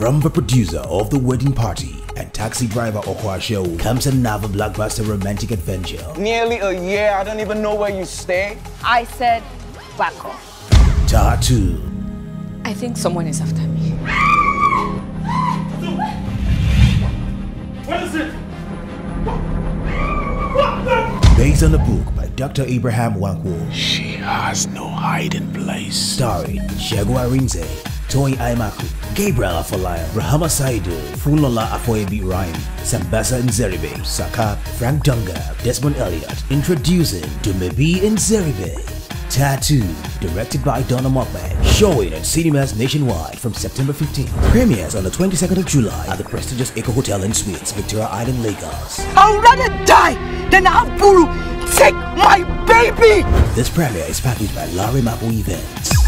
From the producer of The Wedding Party and taxi driver show comes another blockbuster romantic adventure. Nearly a year, I don't even know where you stay. I said, back off. Tattoo. I think someone is after me. What is it? What the? Based on a book by Dr. Abraham Wankwo. She has no hiding place. Starring Shagwa Rinze Tony Aimaku, Gabriel Afolaya, Rahama Saidu, Fulola Afoebi Ryan, Sambasa Nzeribe, Saka, Frank Dunga, Desmond Elliott, introducing Dumebi Nzeribe. Tattoo, directed by Donna Mokbe, showing at cinemas nationwide from September 15. Premieres on the 22nd of July at the prestigious Eco Hotel and Suites, Victoria Island, Lagos. I'd rather die than have Buru take my baby! This premiere is packaged by Larry Mapu Events.